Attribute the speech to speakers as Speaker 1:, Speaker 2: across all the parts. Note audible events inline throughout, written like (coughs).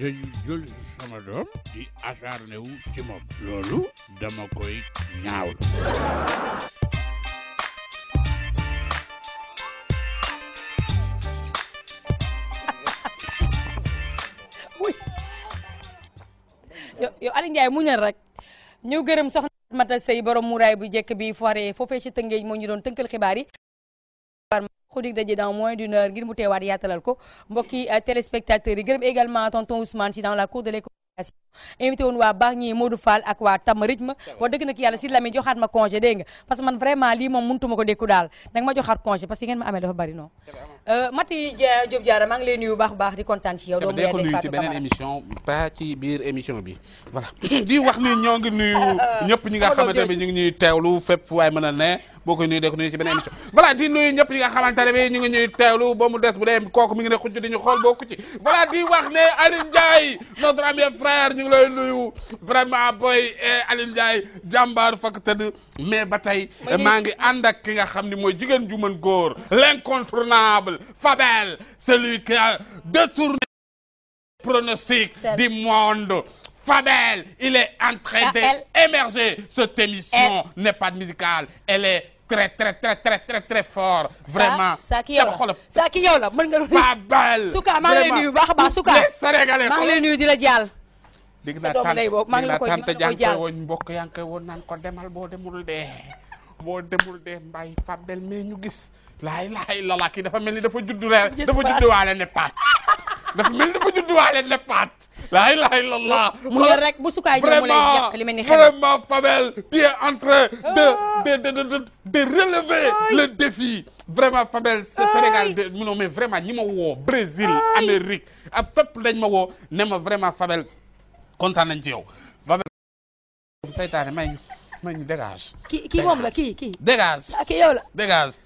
Speaker 1: dañu jël sama doom di acharné wu ci moom loolu dama koy ñaawlu (laughs)
Speaker 2: yow Aliou Ndiaye muñal rek ñu gërëm soxna Mata Sey borom muraay bu jekk bi foire foofee ci Tëngéej moo ñu doon tënkal xibaar yi ko dig daje dans moins d'une heure ngir mu teewaat yaatalal ko mbokki euh, téléspectateurs yi gërëm également tonton Ousmane si dans la cour de l'école invité waa baax ñi Modou Fall ak waa Tam rythme wax dëgg nag yàlla si Lamine joxaat ma congé dégg nga parce man vraiment lii moom mënutuma ko dékku daal nag ma joxaat congé parce que ngeen ma amee dafa bari noonu euh, Mati Diop Diarra maa nuyu baax baax di kontaan ci yow doo ko nuyu ci beneen
Speaker 1: émission pas di nuyu ñëpp ñi nga xamante ne ñëpp ñi bi ñu ngi ñuy teewlu ba mu des bu dee kooku mi ngi ne xucc di ñu xool boo kucci voilà di wax frère ñu ngi lay vraiment booy eh, Alioune Ndiaye jàmbaar fakk tëdd mais ba tey maa ngi ànd ak ki nga xam ni mooy jigéen ju mën góor l'incontournable Fabel celui qui a détourné pronostic du monde Fabel il est en train ah, d'émerger cette émission n'est pas musicale elle est très très très très très très fort. vraiment saa ki yow la saa ki a la mën nga. Fabel suka maa ngi lay nuyu bu baax a baax la jàll. dégg naa tànn dégg naa tànn jaa ngi koy woon mbokk yaa woon naan ko demal boo demul dee boo demul de mbay fàbbel mais ñu gis laay laay lala kii dafa mel ni dafa juddu reer dafa juddu waale ne paat dafa mel ni dafa juddu waale ne paat laay laay lala mu ngi rek bu sukaay mu lay yàq li mel ni xel vraiment fàbbel tu es en train de oh. de de de relever le défi vraiment Fabel Sénégal de non mais vraiment ñi ma woo Brésil Amérique a fépp dañ ma woo ne ma vraiment Fabel kontaan nañ ci yow. Babel saytaane may ñu may ñu dégage. kii kii moom la kii kii. dégage ak ah, yow la dégage.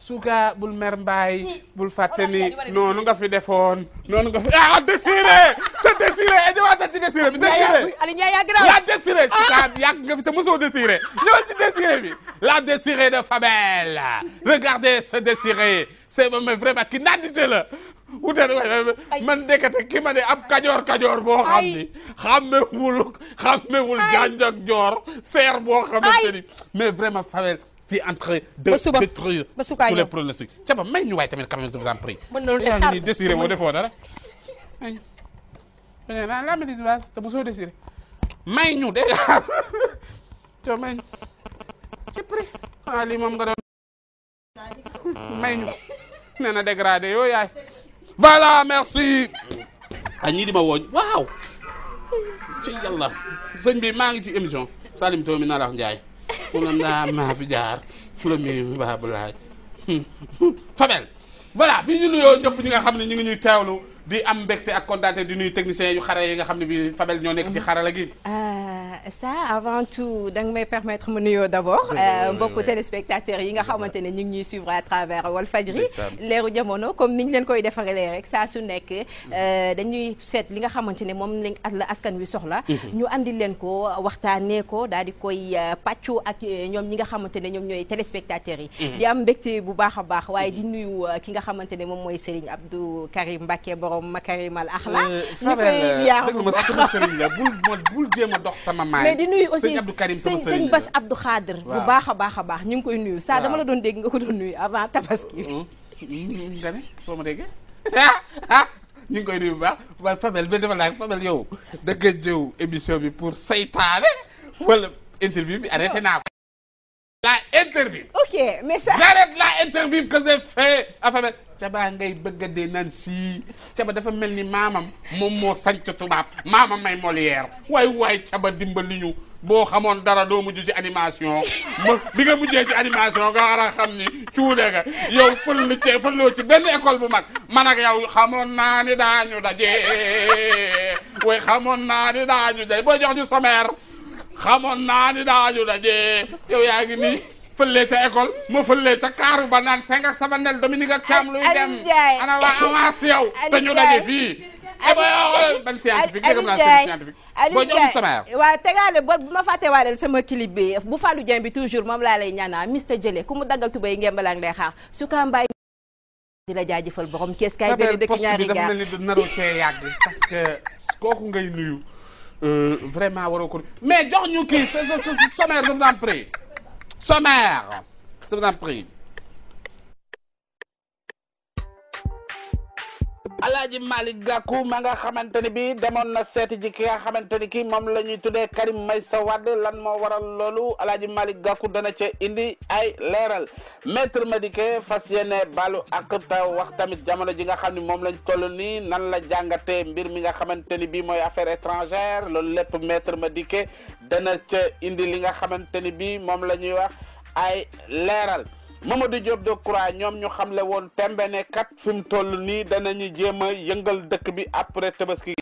Speaker 1: suka bul mer mbaay bul fàtte ni noonu nga fi ah, defoon (laughs) noonu nga fi ah désiré sa désiré ñëwaat ci désiré bi désiré
Speaker 2: la désiré suka
Speaker 1: yàgg nga fi te mosoo désiré ñëwaat ci désiré bi la désiré de Fabel regardez ce désiré c'est vraiment kii nandite la wuteel waaye man ndekete ki ma ne ab kajoor kajoor boo xam ni xàmmewul xàmmewul janj ak joor seer boo xamante ni mais vraiment favel ci entre de détruire tous les ba may ñu waaye tamit quand même je vous en prie yaa ngi désiré woo defoo dara mais la la météo te bu soo désiré may de (laughs) te may ñu ci prix xanaa ah, lii moom nga doon (laughs) may ñu (laughs) nee na dégradé yoo voilà merci. ah ñii di ma wooñ waaw. ci yàlla sëñ bi maa ngi ci émission. Salim Tomi Nalax Ndiaye. mu ne maa fi jaar. premier Babou Laye. Fabel. voilà bi ñu nuyoo ñëpp ñi nga xam ne ñu ngi ñuy teewlu di am mbégte ak kontaante di nuyu technicien yu xare yi nga xam ne bi Fabel ñoo nekk ci xarala gi. Ah,
Speaker 2: ça avant tout da nga may permettre ma nuyoo d' abord euh, mbokku téléspectateurs yi nga xamante ne ñu ngi ñuy suivre à travers Walfadjri leeru jamono comme niñ leen koy defaree rek saa su nekk mhm. euh, dañuy seet li nga xamante ne moom lañ la askan wi soxla mhm. ñu andi leen ko waxtaanee ko daal di koy euh, pàccu ak ñoom ñi nga xamante ne ñoom ñooy téléspectateurs yi mhm. di am mbégte bu baax a baax waaye di nuyu ki nga xamante ne moom mooy seriñ Abdou Karim Mbacké borom Makarimal Akhla ñu koy ziar
Speaker 1: bu a maay mais di nuyu aussi sëñ Bass
Speaker 2: Abdou Khader bu baax a baax a baax ñu ngi koy nuyu saa dama la doon dégg nga ko doon nuyu
Speaker 1: avant tabaski mm-hmm. Mm-hmm. nga ne (laughs) ah, ñu ngi koy nuyu bu baax waaye Fabel bi dafa laaj Fabel yow da nga jëw émission bi pour saytaane wala interview bi arrêté naa ko la interview. ok mais ça. j'arrête la interview que j'ai fait ngay bëgg a dee naan sii caba dafa mel ni maamam moom moo sanc tubaab maamam may Molière waay waay caba dimbali ñu boo xamoon dara doo mujj ci animation bi nga mujjee ci animation nga war a xam ni cuude nga yow fël ci ci benn école bu mag man ak yow xamoon naa ni daañu daje way xamoon naa ni daañu daje boo jox ñu sommaire. xamoon naa ni daañu daje yow yaa nii fële ca école ma fële ca kaaru ba naan seng ak sabandel Dominique ak Thiam luy dem ana waa avance yow te ñu daje fii eh, oh, oh, ban scientifique dégg naa scientifique boo jox sama yaw
Speaker 2: waaw bu ma fàtte waale sama clip bi bu Fallou Dieng bi toujours moom laa lay ñaanaa mister jële ku mu daggal tubay ngembalaak lay xaar su ka di la jaajëfal borom kees kay benn dëkk ñaari
Speaker 1: parce que kooku Euh, vraiment waroo ko mais jox ñu kii sa sa sommaire je vous en prie sommaire je vous en prie alaaji Malick Gakou ma nga xamante ni bi demoon na seeti ji ki nga xamante ni ki moom la ñuy tuddee Karim Meïssa Wade lan moo waral loolu alaaji Malick Gakou dana cee indi ay leeral maître Madické fas yéene balu ak ta wax tamit jamono ji nga xam ne moom lañ toll nii nan la jàngatee mbir mi nga xamante ni bi mooy affaire étrangère loolu lépp maître Madické dana ca indi li nga xamante ni bi moom la ñuy wax ay leeral Mamadou Diop Decroix ñoom ñu xamle woon tembe kat fi mu toll nii danañu jéem a yëngal dëkk bi après ki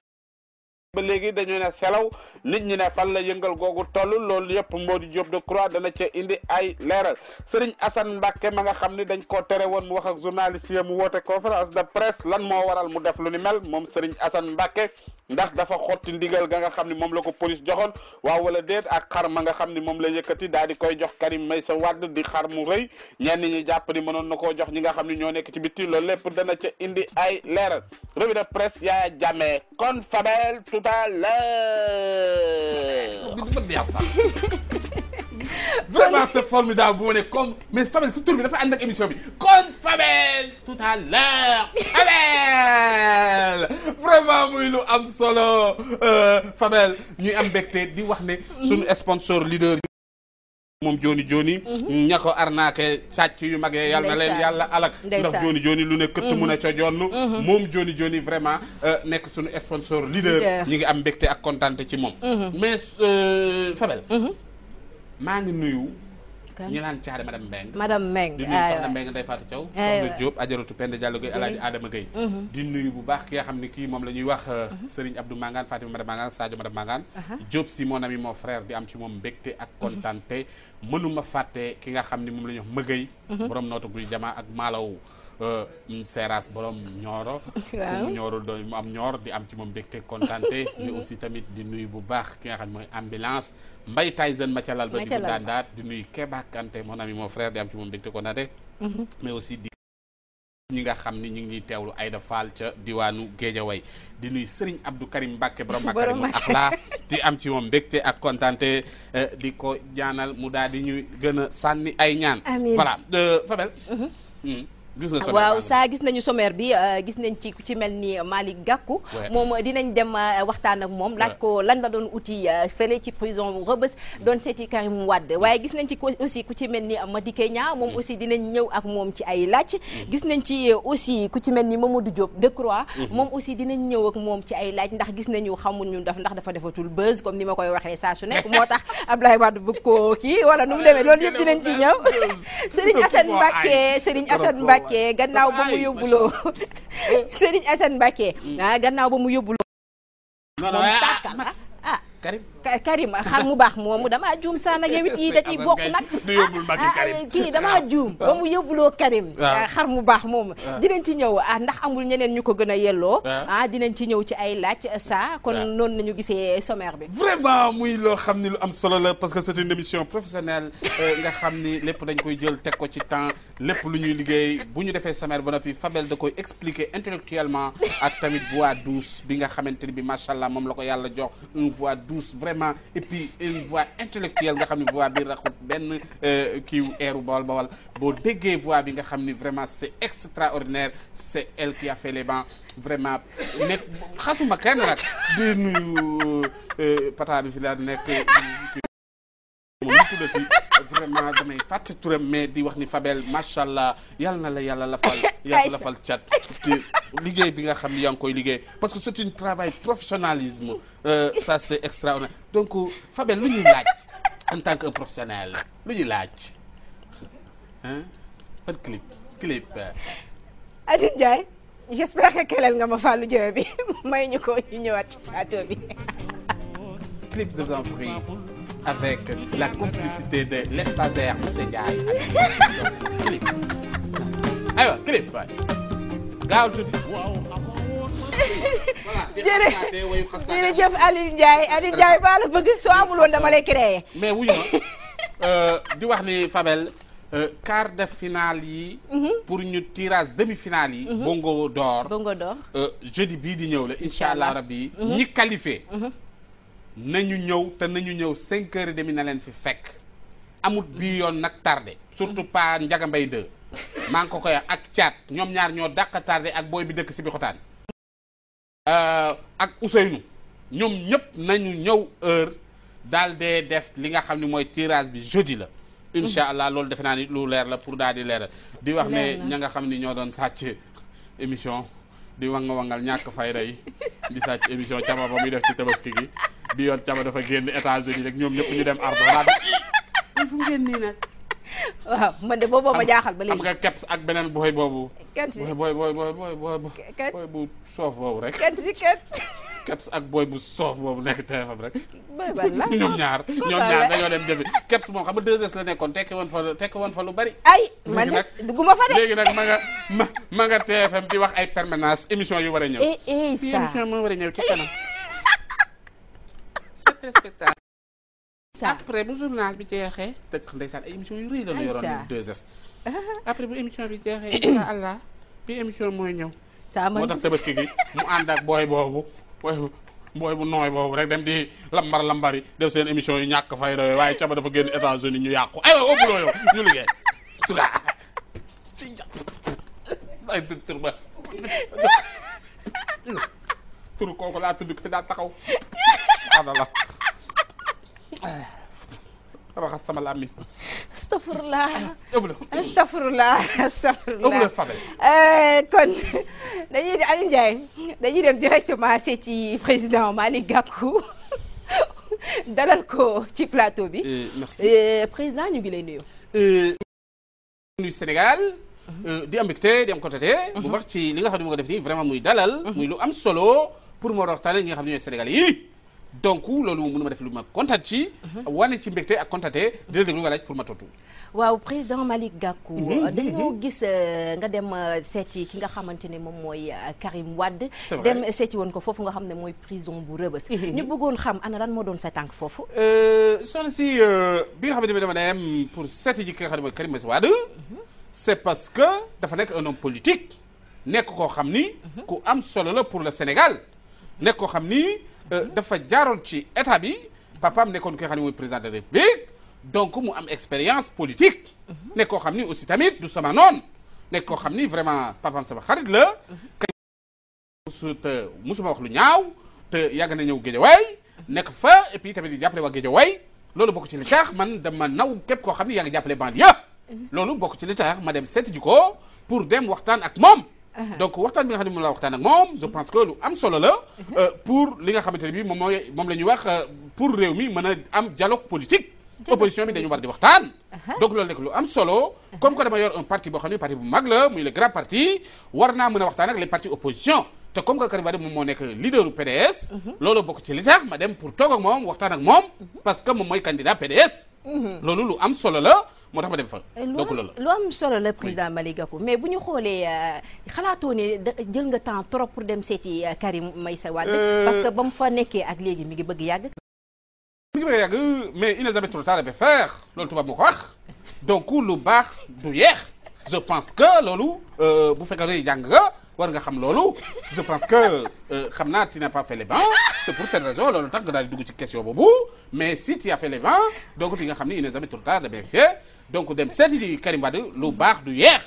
Speaker 1: ba léegi dañu ne selaw nit ñi ne fan la yëngal googu toll loolu yëpp Mbodj Diop Decroix dana ca indi ay leeral Serigne Assane mbake ma nga xam ni dañ koo tere woon mu wax ak journaliste yi mu woote conférence de presse lan moo waral mu def lu ni mel moom Serigne Assane mbake ndax dafa xotti ndigal ga nga xam ni moom la ko police joxoon waaw wala déet ak xar ma nga xam ni moom la yëkkati daal di koy jox Karim Meïssa Wade di xar mu rëy ñenn ñi jàpp ni mënoon na koo jox ñi nga xam ni ñoo nekk ci bitti loolu lépp dana ca indi ay leeral revue de presse yaa jàmmee Balla. bi dafa neex sax vraiment c'est formidable bu ma ne comme mais Fabel sa tur bi dafa ànd ak émission bi kon Fabel tout à l'heure Fabel vraiment muy lu am solo euh, Fabel ñuy am mbégte di wax ne. suñu sponsor leader. moom jooni jooni mhm. ñakko ko arnaqué sàcc yu mag yee yàlla na leen yàlla alak ndax jooni jooni lu ne këtt mun mhm. a co jonn mhm. moom jooni jooni vraiment euh, nekk suñu esponsor leader ñi ngi am mbégte ak kontaante ci moom mais euh, Fabel maa ngi nuyu ñu naan caare madame Mbengue
Speaker 2: madame Mbengue di nuyu soxna
Speaker 1: Mbengue Ndeye Fatou Thiaw soxna Diop ajaratu Penda Diallo Gueye alaaji Adama Gueye mhm. di nuyu bu baax ki nga xam ne kii moom la ñuy wax euh, mhm. Serigne Abdou Mangane Fatima madame Mangane Sadio madame Mangane uh-huh. Diop si mon ami mon frère di am ci moom mbégte ak mhm. kontaante mënuma fàtte ki nga xam ni moom la ñuy wax mëgëy borom nootu guy jamaa ak maalaw Seras borom ñooro waaw mu ñoorul doy mu am ñoor di am ci moom mbégte kontaante mais (laughs) aussi tamit di nuyu bu baax ki nga xam mooy ambulance Mbaye Tyson Machalal ba di bu daandaat di nuyu Keba Kanté mon ami mon frère di am ci moom mbégte kontaante mm-hmm. mais aussi di ñi nga xam ni ñu ngi ñuy teewlu Aïda Fall ca diwaanu Géejawaay di nuy sëriñ Abdou Karim Mbacke borom Mbacke axlaa di am ci moom mbégte ak kontaante eh, di ko ñaanal mu daal di ñuy gën a sànni ay ñaan gis nga waaw saa
Speaker 2: gis nañu sommaire bi euh, gis nañ ci ku ci mel ni Malick Gakou moom euh, dinañ dem euh, waxtaan ak moom laaj ko lan la doon uti fële ci prison Rebeuss doon seeti Karim Wade mm. waaye gis nañ ci aussi ku ci mel ni Madické Niang moom mm. aussi dinañ ñëw ak moom ci ay laaj mm. aussi ku ci mel ni Mamadou Diop Decroix mm-hmm. moom aussi dinañ ñëw ak moom ci ay laaj ndax gis nañu xamuñu daf ndax dafa defatul buzz comme ni ma koy waxee saa su nekk moo tax (laughs) Abdoulaye Wade bëgg koo kii wala nu mu demee loolu yëpp dinañ ci ñëw
Speaker 1: Serigne Assane Mbacké
Speaker 2: Serigne Assane Mbacké Mbacke gannaaw ba mu yóbbuloo (laughs) Serigne Assane Mbacke mm. ah gannaaw ba mu yóbbuloo Karim xar mu baax moomu damaa juum saa nag yow it yii da ciy (laughs) bokk nag ah, ah, ah kii damaa juum (laughs) ba mu yóbbuloo Karim ah, xar mu baax moomu dinañ ci ñëw ah ndax amul ñeneen ñu ko gën a yelloo ah dinañ ci ñëw ci ay laaj saa kon noonu nañu gisee sommaire bi
Speaker 1: vraiment muy loo xam ni lu am solo la parce que c'est une émission professionnelle (laughs) euh, nga xam ni lépp dañ koy jël teg ko ci temps lépp lu ñuy liggéey bu ñu defee sommaire ba noppi Fabel da koy expliquer intellectuellement ak tamit voix douce bi nga xamante ni bi macha allah moom la ko yàlla jox vraiment et puis une voix intellectuelle nga xam ne voix bi raxut benn euh, kiiw eeru Bawol Bawol boo déggee voix bi nga xam ni vraiment c'est extraordinaire c'est elle qui a fait les bancs vraiment nekk xasuma kenn nag di nuyu euh, pata bi fi daal nekk moom mu tuddati vraiment mais di wax ni Fabel macha allah yal na la yàlla lafal (laughs) yàlla lafal cat liggéey bi nga xam yaa ngi koy liggéey parce que c'est un travail professionnalisme euh, ça c'est extraordinaire donc Fabel lu ñuy laaj en tant qu'un professionnel lu ñuy laaj hein ban clip clip
Speaker 2: Adune Ndiaye j'espère que keleel nga ma fàllu jëwe bi (laughs) may ñu ko ñu ñëwaat ci plateau bi
Speaker 1: avec la complicité de l'estagiaire Moussa Ndiaye ak clip merci aywa clip waay
Speaker 2: baa la bëgg soo amul dama lay créer
Speaker 1: mais euh, di wax ni Fabel euh, quart de finale yi. Mhm. pour ñu tirage demi finale yi. Mhm. Bongo d'or Bongo d'or euh, jeudi bii di ñëw la incha allah rabbi mhm. ñi qualifié. nañu ñëw te nañu ñëw cinq heures et demi na leen fi fekk amut bii yoon nag tardé surtout pas Ndiaga Mbaye 2 maa ngi ko koy ak caat ñoom ñaar ñoo dàq tardé ak booy bi dëkk si bi xotaan euh, ak Ousseynou ñoom ñëpp nañu ñëw heure daal dee def li nga xam ne mooy tirage bi jeudi la incha mhm. allah loolu defe naa ni lu leer la pour daal di leeral di wax ne ña nga xam ni ñoo doon sàcc émission di wanga wangal ñàkk fayda yi di sàcc émission caba ba muy def ci tabaski gi bi yoon caba dafa génn États-Unis rek ñoom ñu dem ardo
Speaker 2: fu de boobu ma jaaxal ba léegi xam nga
Speaker 1: keps ak beneen booy boobu kensi booy booy booy booy booy booy bu soof boobu rek
Speaker 2: kensi keps
Speaker 1: keps ak booy bu soof boobu nekk TFM rek ñoom ñaar ñoom ñaar dañoo dem defi keps moom xam nga deux la nekkoon tekki woon fa tekki woon fa lu bari
Speaker 2: ay man de
Speaker 1: dugguma fa de léegi nag ma nga ma ma nga TFM di wax ay permanence émission yu war a ñëw eh, eh, émission moo war a ñëw ci kanam téléspectateur. après bu journal bi jeexee. dëkk ndeysaan ay émission yu rëy la ñu yoroon ñu s (laughs) après bu émission bi jeexee bi émission mooy ñëw. saa moo tax tabaski gi mu ànd ak booy boobu mbooy bu nooy boobu rek dem di lambar lambar yi def seen émission yu ñàkk fay waaye caba dafa génn États-Unis ñu yàqu aywa ëpp loo yow ñu liggéey suga ci laa tudd ko fi daal taxaw raxas sama làmmiñ. astafurlah. ëbla astafurlah astafurlah
Speaker 2: euh, kon dañuy Aliou Ndiaye dañuy dem directement seeti président Malick Gakou
Speaker 1: (laughs) dalal ko ci plateau bi. Euh, merci euh,
Speaker 2: président ñu ngi lay nuyu.
Speaker 1: nuyu Sénégal. Mhm. di am mbégte di am kontaante. Mhm. bu baax ci li nga xam mu nga def nii vraiment muy dalal. Mhm. muy lu am solo pour moo waxtaanee ñi nga xam ne ñooy Sénégal yi. donc loolu mënu ma def lu ma kontaan ci. wane ci mbégte ak kontaate dina déglu nga laaj pour ma tontu.
Speaker 2: waaw président Malick Gakou. dañoo gis euh, nga dem euh, seeti ki nga xamante ne moom mooy euh, Karim wadd dem seeti woon ko foofu nga xam ne mooy prison bu rëbës. (laughs) ñu bëggoon xam ana lan moo doon sa tànk foofu.
Speaker 1: soxna si bi nga xam ne dama dem pour seeti ji xam mhm. est parce que dafa nekk un homme nekk koo xam ni. Mhm. ku am solo la pour le Sénégal. nekk koo xam ni. Euh, dafa jaaroon ci état bi papaam nekkoon ki nga xam ne mooy président de la république donc mu am expérience politique. Mhm. nekk koo xam ni aussi tamit du sama noon nekk koo xam ni vraiment papaam sama xarit la. Mhm. kañ te musuma wax lu ñaaw te yàgg na ñëw Guédiawaye nekk fa et puis tamit di jàppale waa Guédiawaye loolu bokk ci li tax man dama naw képp koo xam ni yaa ngi jàppale bande yëpp. Mhm. loolu bokk ci li tax ma dem seeti ji ko pour dem waxtaan ak moom. Uh-huh. donc waxtaan bi nga xam ne moom laa waxtaan ak moom je pense que lu am solo la uh-huh. euh, pour li nga xamante ne bi moom mooy moom la ñuy wax euh, pour réew mi mën a am dialogue politique opposition bi dañu war di waxtaan uh-huh. donc loolu nekk lu am solo comme que a yor un parti boo xam ne parti bu mag la muy le grand parti war naa a waxtaan ak le parti opposition te comme que Karim Wade moom moo nekk leaderu PDS. loolu bokk ci li tax ma dem pour toog ak moom waxtaan ak moom. parce que moom mooy candidat PDS. loolu lu am solo la moo tax ma dem fa. Eh, donc loolu
Speaker 2: lu am solo la président Malick Gakou mais bu ñu xoolee euh, xalaatoo ne jël nga temps trop pour dem seeti euh, Karim Meïssa Wade. Euh, parce que ba mu fa nekkee ak léegi mi ngi bëgg yàgg.
Speaker 1: mi mais il n'est jamais trop loolu tubaab moo ko wax donc lu baax du yeex je pense que loolu bu fekkee jàng nga. war nga xam loolu je parce que euh, xam naa tu n'as pas fait les pour cette raison loolu tax nga daal di dugg ci question boobu mais si tu as fait les donc di nga xam ni il n'est jamais trop tard de bien faire donc dem seeti di Karim Wade lu baax du yeex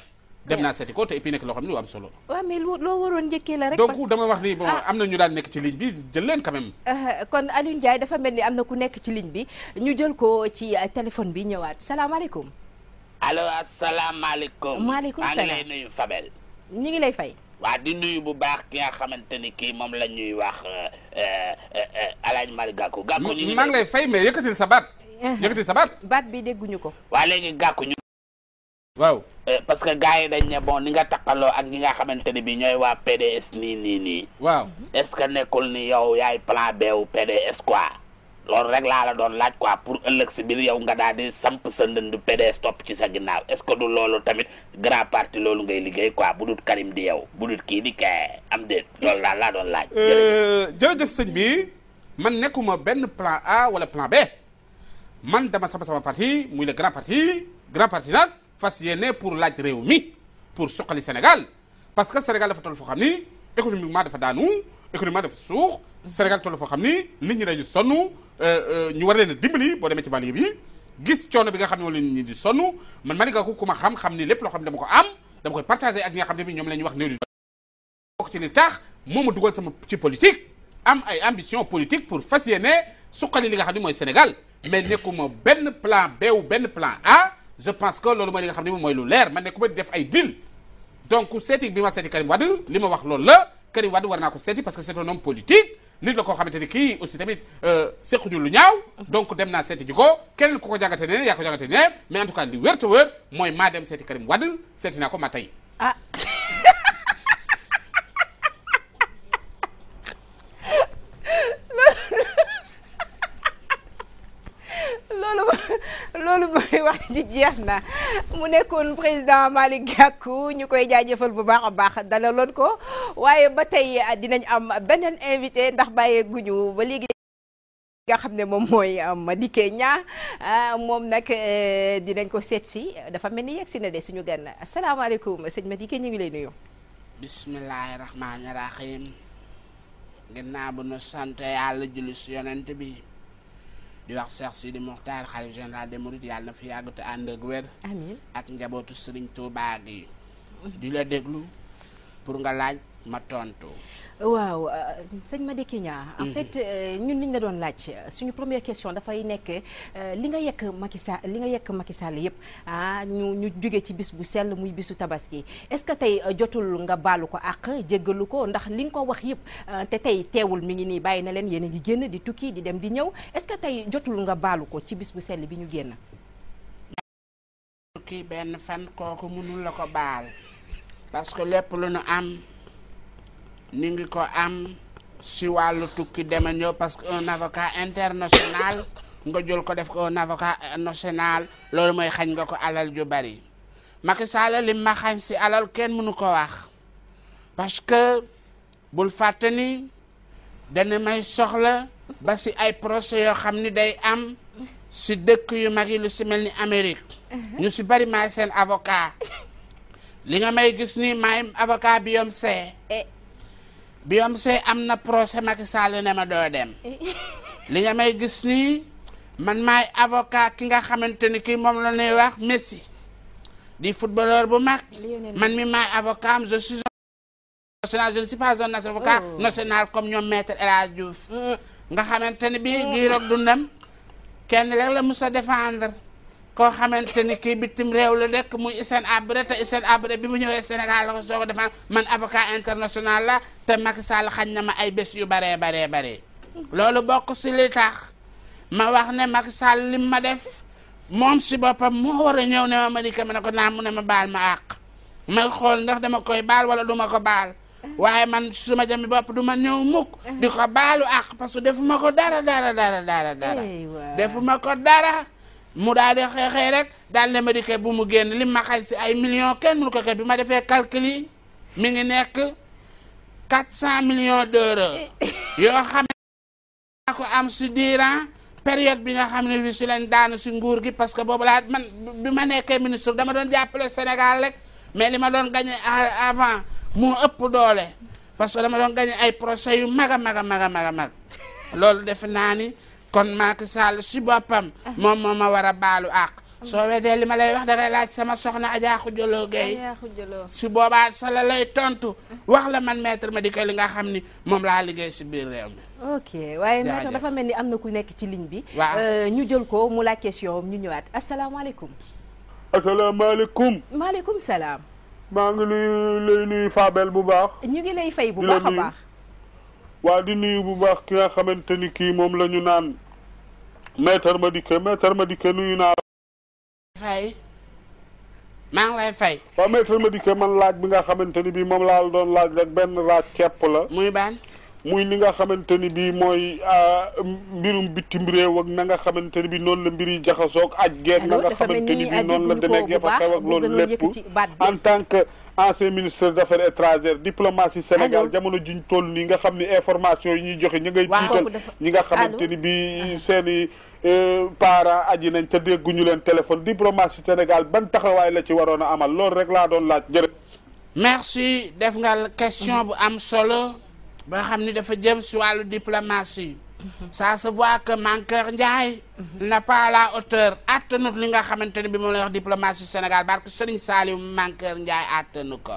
Speaker 1: dem naa seeti ko te et nekk loo xam ne lu am solo
Speaker 2: la. mais loo waroon njëkkee la rek. donc dama
Speaker 1: wax ni bon ah. am na ñu daan nekk ci ligne bi jël leen quand même.
Speaker 2: Euh, kon Alioune Ndiaye dafa mel ni am na ku nekk ci ligne bi ñu jël ko ci euh, téléphone bi ñëwaat salaamaaleykum.
Speaker 1: allo asalaamaaleykum. maaleykum salaam maa ngi lay nuyu Fabel. ñu ngi lay fay. waa di nuyu bu baax ki nga xamante ni kii moom la ñuy wax euh, euh, euh, Alaaji Malick Gakou. Gakou ñu ngi ngi lay fay mais yëkkatil sa baat. (laughs) yëkkatil sa baat. baat bi dégguñu ko. waa léegi Gakou ñu. waaw. parce que gars yi dañ ne bon ni nga taqaloo ak ñi nga xamante ni bi ñooy waa PDS nii nii nii. waaw es ce que nekkul ni yow yaay plan B wu PDS quoi. loolu rek laa la doon laaj quoi pour ëllëg si biir yow nga daal di samp sa ndënd PDS topp ci sa ginnaaw est-ce que du loolu tamit grand parti loolu ngay liggéey quoi bu dut Karim di yow bu dut kii di kay am déet loolu laa doon laaj. Euh, jërëjëf sëñ bi man nekkuma benn plan A wala plan B man dama sama sama parti muy le grand parti grand parti nag fas yéene pour laaj réew mi pour suqali Sénégal parce que Sénégal dafa toll foo xam ni économiquement dafa daanu économiquement dafa suux Sénégal foo xam ni nit ñi dañu sonn. ñu war leen a dimbali boo demee ci banlieue bi gis coono bi nga xam ne moom la ñu di sonn man ma ne ko ku ma xam xam ni lépp loo xam ne dama ko am dama koy partagé ak nga xam ne bi ñoom la ñuy wax néew di bokk moo ma dugal sama ci politique am ay pour fas yéene suqali li nga xam ne mooy Sénégal mais nekkuma benn plan B ou benn plan A je pense que loolu mooy li nga xam ne mooy lu leer man nekkuma di def ay deal donc seeti bi ma seeti Karim Wade li ma wax loolu la Karim Wade war naa seeti parce que c'est un homme politique nit la koo xamante ni kii aussi tamit euh, sequñu lu ñaaw donc dem naa seeti ji ko keneen ku ko jàngate ne yaa ko jàngate ne mais en tout cas li wér te mooy maa dem seeti Karim Wade seeti naa ko ma tey ah (laughs)
Speaker 2: loolu mooy (laughs) wax ji jeex na mu nekkoon président Malick Gakou ñu koy jaajëfal bu baax a baax dalaloon ko waaye ba tey dinañ am beneen invité ndax bàyyee guñu ba léegi. nga xam ne moom mooy am euh, ma Madické Niang euh, moom nag euh, dinañ ko seet si dafa mel ni yegg si na de suñu gan asalaamaaleykum sëñ Madické ñu ngi lay nuyu.
Speaker 1: bismillaahi rahmaani rahiim. ginnaaw bu nu sant yàlla julli si yonent bi. di wax Cheikh Sidi Mokhtar xalif général des Mourides yàlla na fi yàgg te ànd ak wér. ak njabootu Serigne Touba gi. di la déglu pour nga laaj ma tontu.
Speaker 2: waaw euh, sëñ Madické Niang en mhm. fait euh, ñun liñ la doon laaj suñu première question dafay nekk li nga yekk Macky li nga yekk Macky Sall yëpp ah ñu ñu jóge ci bis bu sel muy bisu tabaski est-ce que tey euh, jotul nga baalu ko àq jéggalu ko ndax li nga ko wax yëpp te tey teewul mi ngi nii bàyyi na leen yeneen di ngi génn di tukki di dem di ñëw est-ce que tey jotul nga baalu ko ci bis bu sell bi ñu
Speaker 1: génn. kii benn fan kooku mënul la ko baal parce lépp lu nu am. ni ngi ko am si wàllu tukki deme ñëw parce que un avocat international nga jël ko def ko un avocat national loolu mooy xañ nga ko alal ju bari Macky Sall lim ma xañ si alal kenn mënu ko wax parce que bul fàtte ni dana may soxla ba si ay procès yoo xam ni day am si dëkk yu mag yi lu si mel ni Amérique ñu si bari maay seen avocat li nga may gis ni maay avocat bi yom see eh, Beyoncé am na procès Macky Sall ne ma doo (laughs) li nga may gis ni man maay avocat ki nga xamante ni kii moom la ñuy wax Messi di footballeur bu mag man mi maay avocat am je suis national je ne suis oh. mm. nga xamante ni bii mm. gii roog dundam kenn rek la mus a koo xamante ni kii bitim réew la nekk muy Hissène Habré te Hissène Habré bi mu ñëwee Sénégal la ko soog a defaan man avocat international la te Macky Sall xañ na ma ay bés yu baree baree baree loolu bokk si li tax ma wax ne Macky Sall lim ma def moom si boppam moo war a ñëw ne ma Malika ma ne ko naa mu ne ma baal ma àq may xool ndax dama koy baal wala duma ko baal waaye man su ma jami bopp duma ñëw mukk di ko baalu àq parce que defu ko dara dara dara dara mu daal di xeexee rek daal ma di bu mu génn li ma xay si ay millions kenn mënu ko ke bi ma defee calcul yi mi ngi nekk quatre cent millions d'euros yoo xam ne ko am si durant période bi nga xam ne fi si lañ daanu si nguur gi parce que boobu laa man bi ma nekkee ministre dama doon jàppale Sénégal rek mais li ma doon gagné avant mu ëpp doole parce que dama doon gañe ay procès yu mag a mag a mag a a mag loolu def naa ni kon Macky Sall si boppam. moom moo ma war a baalu àq. soo weddee li ma lay wax dangay laaj sama soxna Adja Khoudialo Gueye. si boobaa sa la lay tontu. wax la man maître ma di ko li nga xam ni moom laa liggéey si biir réew mi.
Speaker 2: ok waaye maître dafa mel ni am na ku nekk ci ligne bi. waaw euh, ñu jël ko mu laaj question ñu ñëwaat asalaamaaleykum.
Speaker 1: asalaamaaleykum.
Speaker 2: maaleykum salaam.
Speaker 1: maa ngi lay nuyu Fabel bu baax.
Speaker 2: ñu ngi lay fay bu baax a baax.
Speaker 1: waa di nuyu bu baax ki nga xamante ni kii moom la ñu naan maître Madické maître Madické nuyu naa fay maa ngi lay fay waaw maître Madické man laaj bi nga xamante ni bii moom laa doon laaj benn laaj kepp la muy baan muy li nga xamante ni bii mooy ah, mbirum bitim réew ak na nga xamante ni bii noonu la mbir yi jaxasoo ak aj geeg na nga xamante ni bii la demee ak ya xew ak loolu lépp en tant que ancien ministre des affaires étrangères diplomatie Sénégal jamono juñ toll nii nga xam ni information yi ñuy joxe ñu ngay tiital ñi nga xamante ni bi seeni i euh, parents aji nañ te dégguñu leen téléphone diplomatie Sénégal ban taxawaay la ci waroon a amal loolu rek laa doon laaj jërëjëf merci def nga question bu am solo ba xam ni dafa jëm si wàllu diplomatie ça se voit que Mankeur Ndiaye n'a pas à la li nga xamante ne bi moom la wax diplomatie Sénégal barke Serigne Saliou Mankeur Ndiaye attanu ko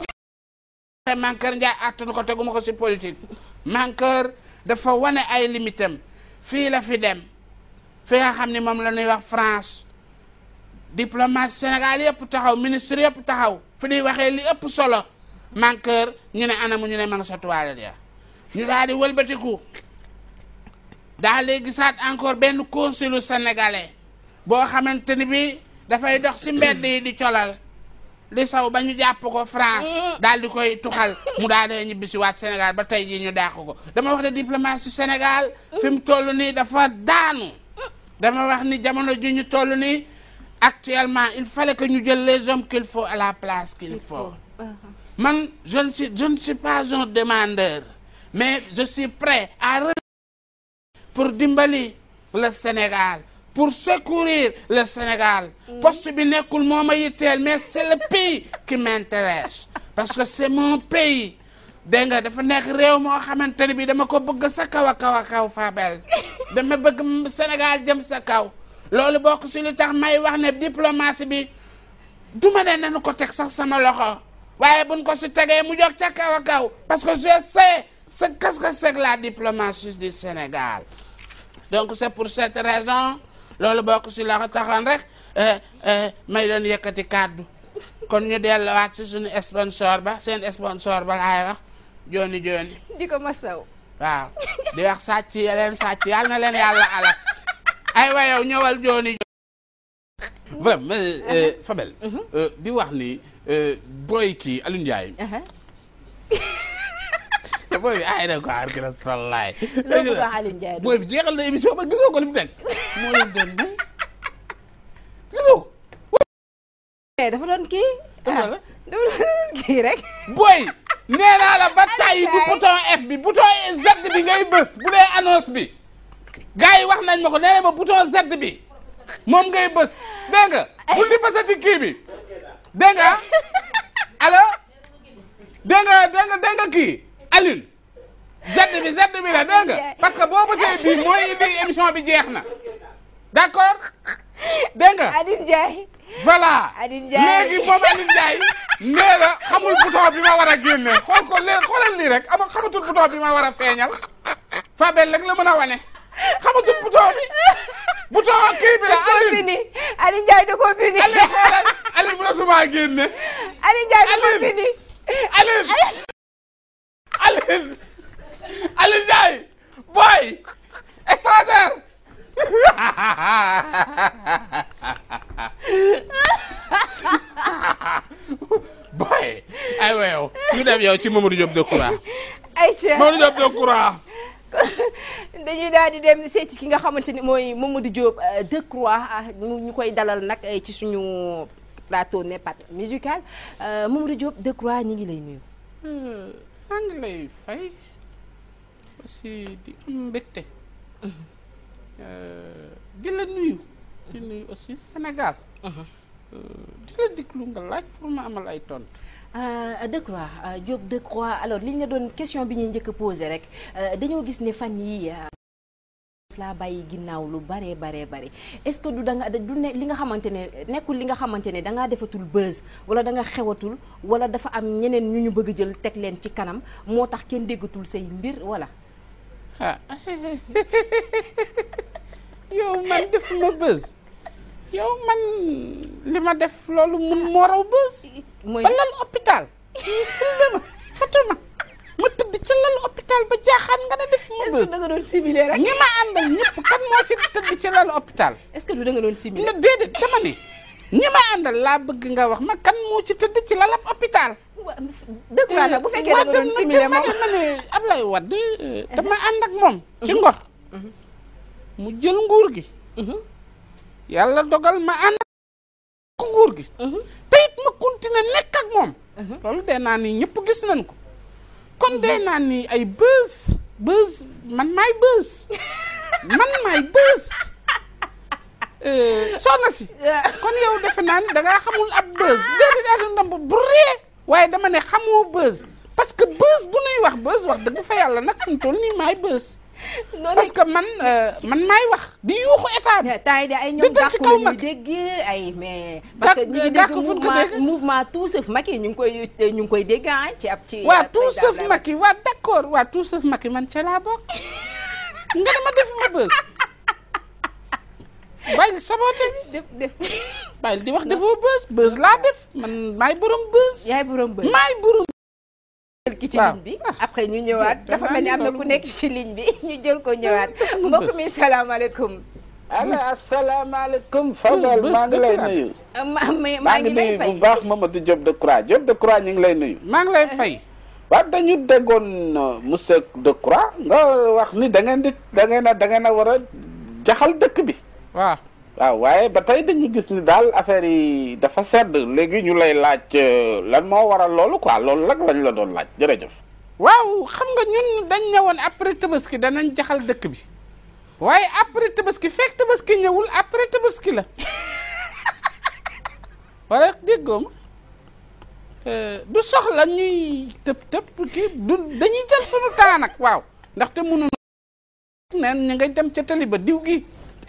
Speaker 1: te Mankeur Ndiaye attanu ko teguma ko ci politique Mankeur dafa wane ay limitam fii la fi dem fi nga xam ne moom la ñuy wax France diplomate Sénégal yëpp taxaw ministre yëpp taxaw fi ñuy waxee li ëpp solo Mankeur ñu ne anamu ñu ne ma sa toilette ya ñu daal di wëlbatiku daa léegi gisaat encore benn consul sénégalais boo xamante ni bi dafay dox si mbedd yi di colal li saw ba ñu jàpp ko France mm. daal di koy tuxal mu daal ñibbi ñibbisi waat Sénégal ba tey jii ñu dàq ko dama wax ne diplomatie Sénégal mm. fi mu toll nii dafa daanu mm. dama wax ni jamono ji ñu toll nii actuellement il fallait que ñu jël les hommes qu'il faut à la place qu'il faut uh-huh. man je ne suis je ne suis pas un demandeur mais je suis prêt à pour dimbali le Sénégal pour secourir le Sénégal mm. poste bi nekkul moo ma yitteel mais c'est le pays qui m'intéresse parce que c'est mon pays dégg nga dafa nekk réew moo xamante ni bi dama ko bëgg sa kaw a kaw a kaw Fabel dama bëgg Sénégal jëm sa kaw loolu bokk si lu tax may wax ne diplomatie bi du ma ne nanu ko teg sax sama loxo waaye buñ ko si tegee mu jóg ca kaw a kaw parce que je sais ce qu'est-ce que la diplomatie du Sénégal donc c'est pour cette raison loolu bokk si la taxoon rek euh, euh, may doon yëkkati kàddu kon ñu delluwaat si suñu sponsor ba seen sponsor ba laay wax jooni jooni
Speaker 2: di ko masaw
Speaker 1: waaw di wax sàcc yeneen sàcc yàlla na leen yàlla alal ay wa yow ñëwal jooni vraiment euh, Fabel mhm. di wax ni booy kii Alioune Ndiaye uh-huh. booy bi ay na ko arkira salaay loolu ko leen
Speaker 2: doon ne eh, kii ah, dafa
Speaker 1: doon kii rek booy la ba tàyyi du bouton F bi bouton bës bu dee bi gars yi wax nañ ma ko nee na ma bouton bi moom ngay bës dégg nga eh. bul di bësati kii bi dégg nga (laughs) kii Alioune Z bi Z bi la dégg parce que boo bësee bii mooy indi émission bi jeex na d'accord dégg nga. Alioune Ndiaye.
Speaker 2: léegi moom Alioune Ndiaye
Speaker 1: nee na xamul bi ma war a génnee xool ko léegi xoolal lii rek ama xamatul bouton bi ma war a feeñal Fabel rek la mën a wane xamatul bouton bi bouton bi la. Alioune Alioune Ndiaye da koo fini. Alioune xoolal Alioune mënatuma génne. Alioune Ndiaye da koo fini. Alioune Alioune. (laughs) boy ay wew ñu dem yow ci Mamadou Diop Decroix
Speaker 2: ay ca Mamadou Diop Decroix (laughs) dañuy daal di dem seeti ki nga xamante ni mooy Mamadou Diop euh, Decroix ah, ñu koy dalal nag euh, ci suñu plateau Nepad musical euh, Mamadou Diop Decroix ñu ngi lay nuyu
Speaker 1: hmm, maa ngi lay fay aussi di am mbégte mhm. di la nuyu di nuyu aussi Sénégal di la lu nga laaj pour ma amal ay tontu.
Speaker 2: Decroix Diop Decroix alors li ñu la doon question bi ñuy njëkk a posé rek dañoo gis ne fan yi laa bàyyi ginnaaw lu bare bare bare est-ce que du danga du ne li nga xamante ne nekkul li nga xamante ne dangaa defatul buzz wala danga xewatul wala dafa am ñeneen ñu ñu bëgg jël teg leen ci kanam moo tax kenn déggatul say mbir wala
Speaker 1: yow man def ma bës yow man li ma def loolu mun moo raw bës. mooy ba lal hôpital. filmé ma foto ma ma tëdd ci lal hôpital ba jaaxaan nga ne def ma bës. est-ce ñi ma àndal ñëpp kan moo ci tëdd ci lal hôpital. est-ce que da nga doon similé. déedéet dama ne ñi ma àndal laa bëgg nga wax ma kan moo ci tëdd ci lal hôpital. dëgg laa nag bu fekkee da nga doon similé moom eh, dama ànd ak moom. ci ngor. Mhm. mu jël nguur gi mhm. yàlla dogal ma ànd ko nguur gi mhm. te ma continuer nekk ak moom mhm. loolu day naa ni ñëpp gis nañ ko kon day naa ni ay bës bës man maay bës (laughs) man maay bës (laughs) euh, soxna kon yow defe naa ni dangaa xamul ab bës déedéet daal ndamb bu ree waaye dama ne xamoo bës parce que bu nuy wax bës wax dëgg fa yàlla nag fi mu toll nii maay bës parce que man euh, man maay wax di yuuxu état bi. di dal ci kaw ay mais. parce que ñu ngi dégg mouvement
Speaker 2: mouvement tout sauf Macky ñu ngi koy ñu ngi koy dégg ah, ci ab ci. waa tout sauf
Speaker 1: Macky waa d'accord waa tout sauf Macky man ca laa bokk nga dama def ma bës. bàyyi saboote bi di wax defoo bës bës laa def man maay borom bës. yaay borom bës maay
Speaker 2: borom. jël ki ci ligne bi après ñu ñëwaat dafa mel ni am na ku nekk ci ligne bi (laughs) ñu jël ko ñëwaat mbokk mi salaamaaleykum allo asalaamaaleykum Fadel maa ngi lay nuyu maa ngi nuyu bu
Speaker 1: baax Mamadou Diop Decroix Diop Decroix ñu ngi lay nuyu maa ngi lay fay waaw dañu déggoon euh, monsieur Decroix nga wax ni da ngeen di da ngeen a da ngeen a war a jaxal dëkk bi waaw waaw waaye ba tey dañu gis ni daal affaire yi dafa sedd léegi ñu lay laaj euh, lan moo waral loolu quoi loolu nag lañ la doon laaj jërëjëf. waaw xam nga ñun dañ ñëwoon après tabaski danañ jaxal dëkk bi waaye après tabaski fekk tabaski ñëwul après tabaski la (laughs) wala déggoom euh, du soxla ñuy tëb tëb kii du dañuy jël sunu taa nag waaw ndaxte mënu neen ñu dem ca tali diw gi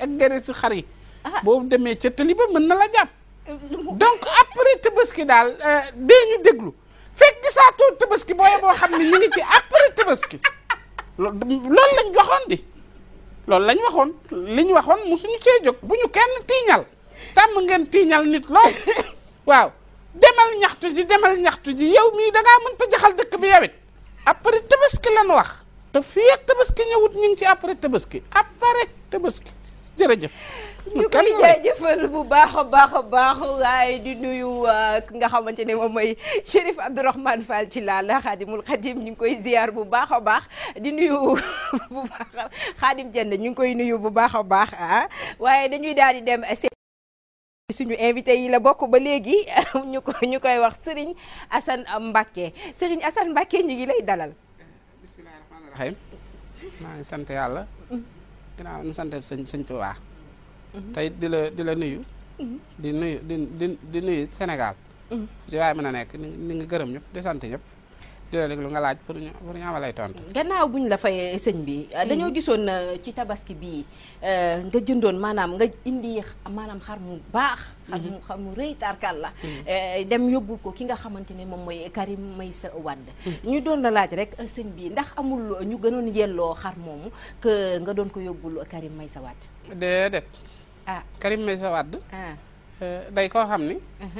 Speaker 1: ak si xar yi Ah. boo demee ca tali ba mën na la jàpp euh, donc après tabaski daal euh, dee ñu déglu fekk gisaatoo tabaski booye boo xam ne ñu ngi ci après tabaski loolu lañ joxoon di loolu lañ waxoon li ñu waxoon musuñu cee jóg bu ñu kenn tiiñal tàmm ngeen tiiñal nit lool (laughs) waaw demal ñaxtu ji demal ñaxtu ji yow mii da ngaa mënta jaxal dëkk bi yawit après tabaski lan wax te fii ak ñëwut ñu ci après tabaski après tabaski jërëjëf ñu koy jaajëfal bu
Speaker 2: baax a baax a baax waaye di nuyu uh, ki nga xamante ne moom mooy Chérif Abdourahmane Fall ci laala xaadimul xadim ñu ngi koy ziar bu baax a baax di nuyu (laughs) bu baax a xaadim jënd ñu ngi koy nuyu bu baax a baax ah waaye dañuy daal di dem eh, suñu invité yi la bokk ba léegi (laughs) ñu ko ñu koy wax Serigne Assane Mbacké sëriñ Assane mbake ñu ngi lay dalal.
Speaker 1: bismillahi rahmaani rahim maa ngi sant yàlla. Mm. ginnaaw ñu sant sëñ sëñ Tuubaa tey di la di la nuyu. di nuyu di di di nuyu Sénégal. si waaye mën a nekk ni ngi gërëm ñëpp di sant ñëpp. di la déglu nga laaj pour ñu pour ñu amalay tontu.
Speaker 2: gannaaw buñ la fayee sëñ bi. dañoo mm-hmm. gisoon euh, ci tabaski bii euh, nga jëndoon maanaam nga indi maanaam xar mu baax. xar mu mm-hmm. xar rëy tarkal la. Mm-hmm. Euh, dem yóbbul ko ki nga xamante ni moom mooy Karim sa Wade. ñu doon la laaj rek sëñ bi ndax amul ñu gënoon yelloo xar moomu
Speaker 1: que nga doon ko yóbbul Karim Meïssa Wade. déedéet. ah Karim Meïssa Wade. Ah. Eh, day koo xam ni. Uh-huh.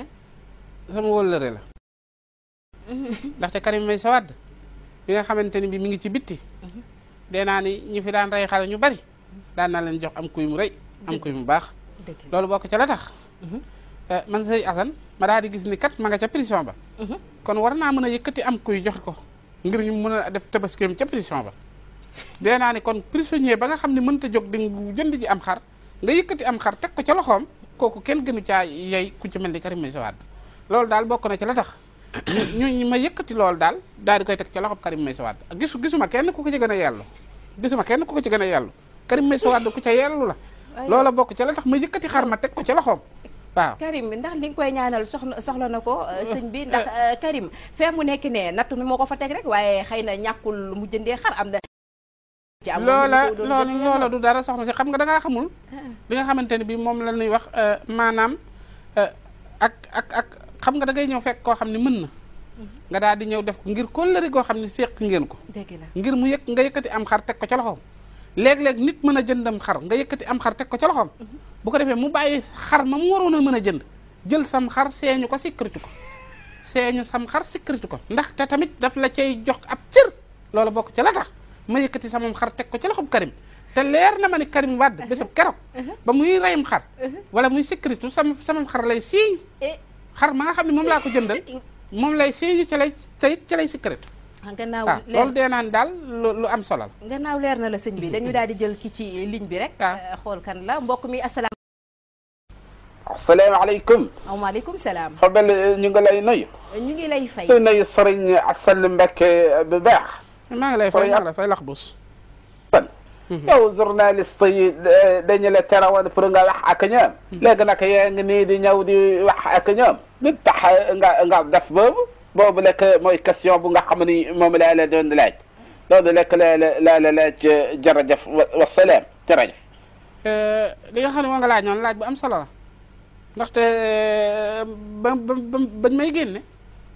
Speaker 1: sama wóllëre la. (laughs) ndaxte Karim Meïssa Wade bi nga xamante ni bi mu ngi ci bitti. Uh-huh. dee naa ni ñu fi daan rey xale ñu bari uh-huh. daan naa leen jox am kuy mu rey. am kuy mu baax. loolu bokk ca la tax. Eh, man sëñ asan ma daal di gis ni kat ma nga ca prison ba. kon war naa mën a yëkkati am kuy joxe ko ngir ñu mën a def tabaskeem ca prison ba. (laughs) dee naa ni kon prisonnier ba nga xam ne mënta jóg di jënd ji am xar. nga yëkkati am xar teg ko ca loxoom kooku kenn gënu caa yey ku ci mel ni Karim Meïssa Wade loolu daal bokk na ci la tax (coughs) ñu ñu ma yëkkati loolu daal daal di koy teg ca loxoom Karim Meïssa Wade gisu gisuma kenn ku ko ci gën a yellu gisuma kenn ku ko ci a yellu Karim Meïssa Wade ku ca yellu la bokk ca la tax ma yëkkati xar ma teg ko ca loxoom waaw
Speaker 2: Karim bi ndax li nga koy ñaanal soxla soxla na ko (laughs) euh, sëñ bi ndax euh, Karim fee mu nekk ne natt mi moo ko fa teg rek waaye xëy na ñàkkul mu jëndee xar am na
Speaker 1: loola loola du dara soxna si xam nga dangaa xamul (laughs) li nga xamante ne bii moom la ñuy wax euh, maanaam euh, ak ak ak xam nga da ngay ñëw fekk koo xam ne mën na mhm. nga daal di ñëw def ko ngir kóllëre koo xam ne séq ngeen ko ngir mu yëkk nga yëkkati am xar teg ko ca loxoom léeg-léeg nit mën a jëndam xar nga yëkkati am xar teg ko ca loxoom mhm. bu ko defee mu bàyyi xar ma mu waroon a mën a jënd jël sam xar seeñu ko sécurité ko seeñu sam xar sécurité ko ndax ta tamit daf la cay jox ab cër loola bokk ca la tax ma yëkkati sama xar teg ko ci loxob Karim te leer na ma ni Karim Wade bésab keroog ba muy rayum xar wala muy sécurité sama sama xar lay siiñ eh. xar ma xam ne moom laa ko jëndal eh. moom lay siiñu ci lay tayit ci lay sécurité
Speaker 2: ah, gannaaw dee
Speaker 1: naan daal lu am solo la gannaaw leer na la sëñ bi dañu daal
Speaker 2: di jël ki ci ligne bi rek ah. euh, xool kan la mbokk mi asalaam
Speaker 1: asalaamaaleykum
Speaker 2: waaleykum salaam
Speaker 1: xobal ñu ñu
Speaker 2: ngi lay fay nuyu
Speaker 1: sëriñ Asal Mbacke bu baax maa ngi lay fay maa ngi lay fay lax bus. Hmm. yow journaliste yi eh, dañu la terewoon pour nga wax ak ñoom. Hmm. léegi nag yaa ngi nii di ñëw di wax ak ñoom. lu tax nga nga def boobu. boobu lekk mooy question bu nga xam ni moom laa la doon laaj. loolu lekk laa la la laaj eh, jërëjëf wasalaam jërëjëf. Eh, li nga xam ne moo nga laaj noonu laaj bu am solo la. ndaxte ba ba bañ may génne.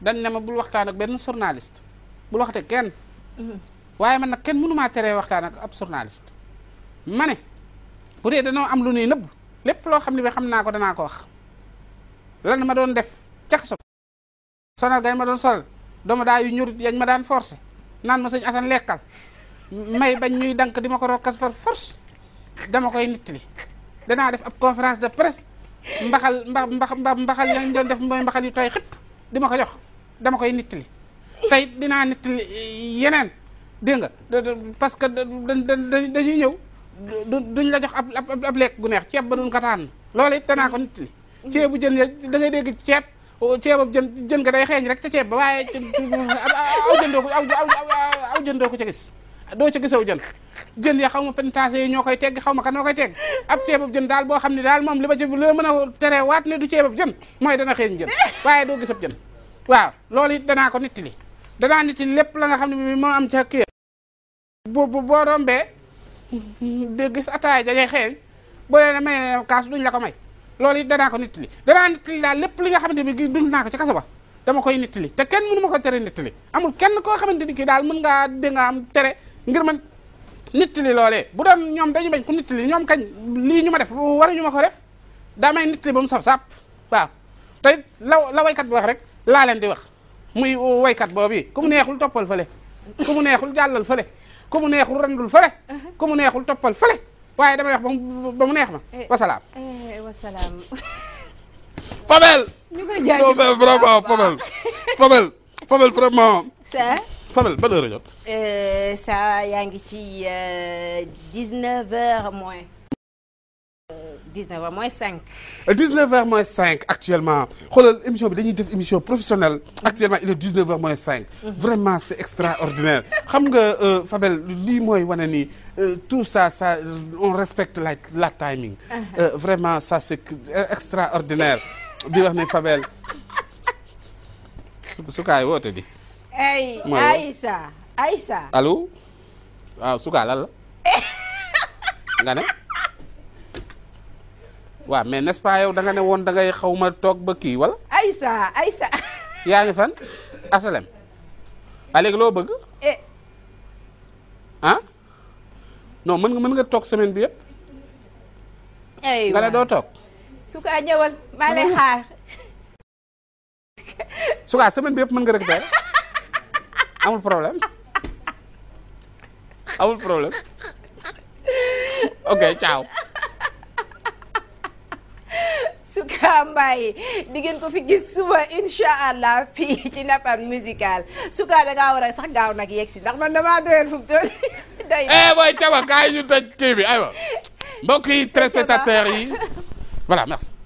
Speaker 1: dañ ne ma bul waxtaan ak benn journaliste. bul waxte kenn. waaye man nag kenn mënumaa teree waxtaan ak ab journaliste ma ne bu dee danoo am lu nuy nëbb lépp loo xam ne bi xam naa ko danaa ko wax lan ma doon def jaxaso sonal ma doon sonal doomu daa yu ñurut ma daan forcé naan ma sëñ Assane lekkal may bañ muy dank di ma ko rokkas far force dama koy nittali danaa def ab conférence de presse mbaxal mba mba mbaxal yañ doon def mooy mbaxal yu tooy xëpp di ma ko jox dama koy nittali tey dinaa nettali yeneen dégg nga parce que dañuy ñëw duñ la jox ab ab lekk gu neex ceeb ba duñ ko taan loolu it danaa ko nettali ceebu jën ya da ngay dégg ceeb oh, ceebab jën jën nga day xeeñ rek ca ceeb ba waaye aw jën doo ko aw jën doo ko ca gis doo ca gisaw jën jën ya xaw ma pénitence yi ñoo koy tegg xaw ma kan noo koy tegg ab ceebab jën daal boo xam ne daal moom li ma ci la mën a tere waat ne du ceebab jën mooy dana xeeñ jën waaye doo gisab jën waaw loolu it danaa ko nettali danaa nit lépp la nga xam ne mi moo am ca kër bu bu boo rombee di gis ataay dañuy xeeñ boo leen may kaas duñ la ko may loolu it danaa ko nettali danaa nettali daal lépp li nga xamante ni dund naa ko ci kaso ba dama koy nettali te kenn mënu ma ko tere nettali amul kenn koo xamante ni kii daal mën ngaa dégg nga am tere ngir man nettali loolee bu doon ñoom dañu bañ ko nettali ñoom kañ lii ñu ma def waruñu ma ko def daa may nettali ba mu saf te la la waykat bi wax rek laa leen di wax muy waykat boobu ku mu neexul toppal fële ku mu neexul jàllal fële ku mu neexul randul fële ku mu neexul toppal fële waaye dama wax ba mu neex ma eh, wasalaam
Speaker 2: eh, wasalaam Fabel ñu koy jaajëfal Fabel
Speaker 1: Fabel Fabel Fabel Fabel ban heure a jot
Speaker 2: euh, ça yaa ngi ci 19 euh, heures moins 19 heures moins 5.
Speaker 1: 19 heures actuellement xoolal émission bi dañuy def émission professionnelle mhm. actuellement il est 19 heures moins 5. Mhm. vraiment c' est extraordinaire xam nga euh, Fabel lii mooy wane ni euh, tout ça ça on respecte la la timing. Ah. Euh, vraiment ça c' est extraordinaire di wax ne Fabel su su kaay di.
Speaker 2: ay Aïssa Aïssa.
Speaker 1: allo ah, su kaa lan la (laughs) waaw mais nest pas yow danga ne woon dangay ngay xaw ma toog ba kii wala.
Speaker 2: Aïssa Aïssa.
Speaker 1: yaa ngi fan asalem a léegi loo bëgg. Eh. ah mën nga mën nga toog semaine bi yëpp. aywa nga ne doo toog. su ko semaine bi yëpp mën nga rek tey amul problème amul problème ok ciao.
Speaker 2: Souka Mbaye di ngeen ko fi gis suba incha allah fii ci Nepad musical Souka da ngaa war a sax gaaw nag yegg si ndax man damaa doyal fu mu toll day
Speaker 1: eh mooy caba kaay ñu tëj kii bi aywa mbokk yi téléspectateurs yi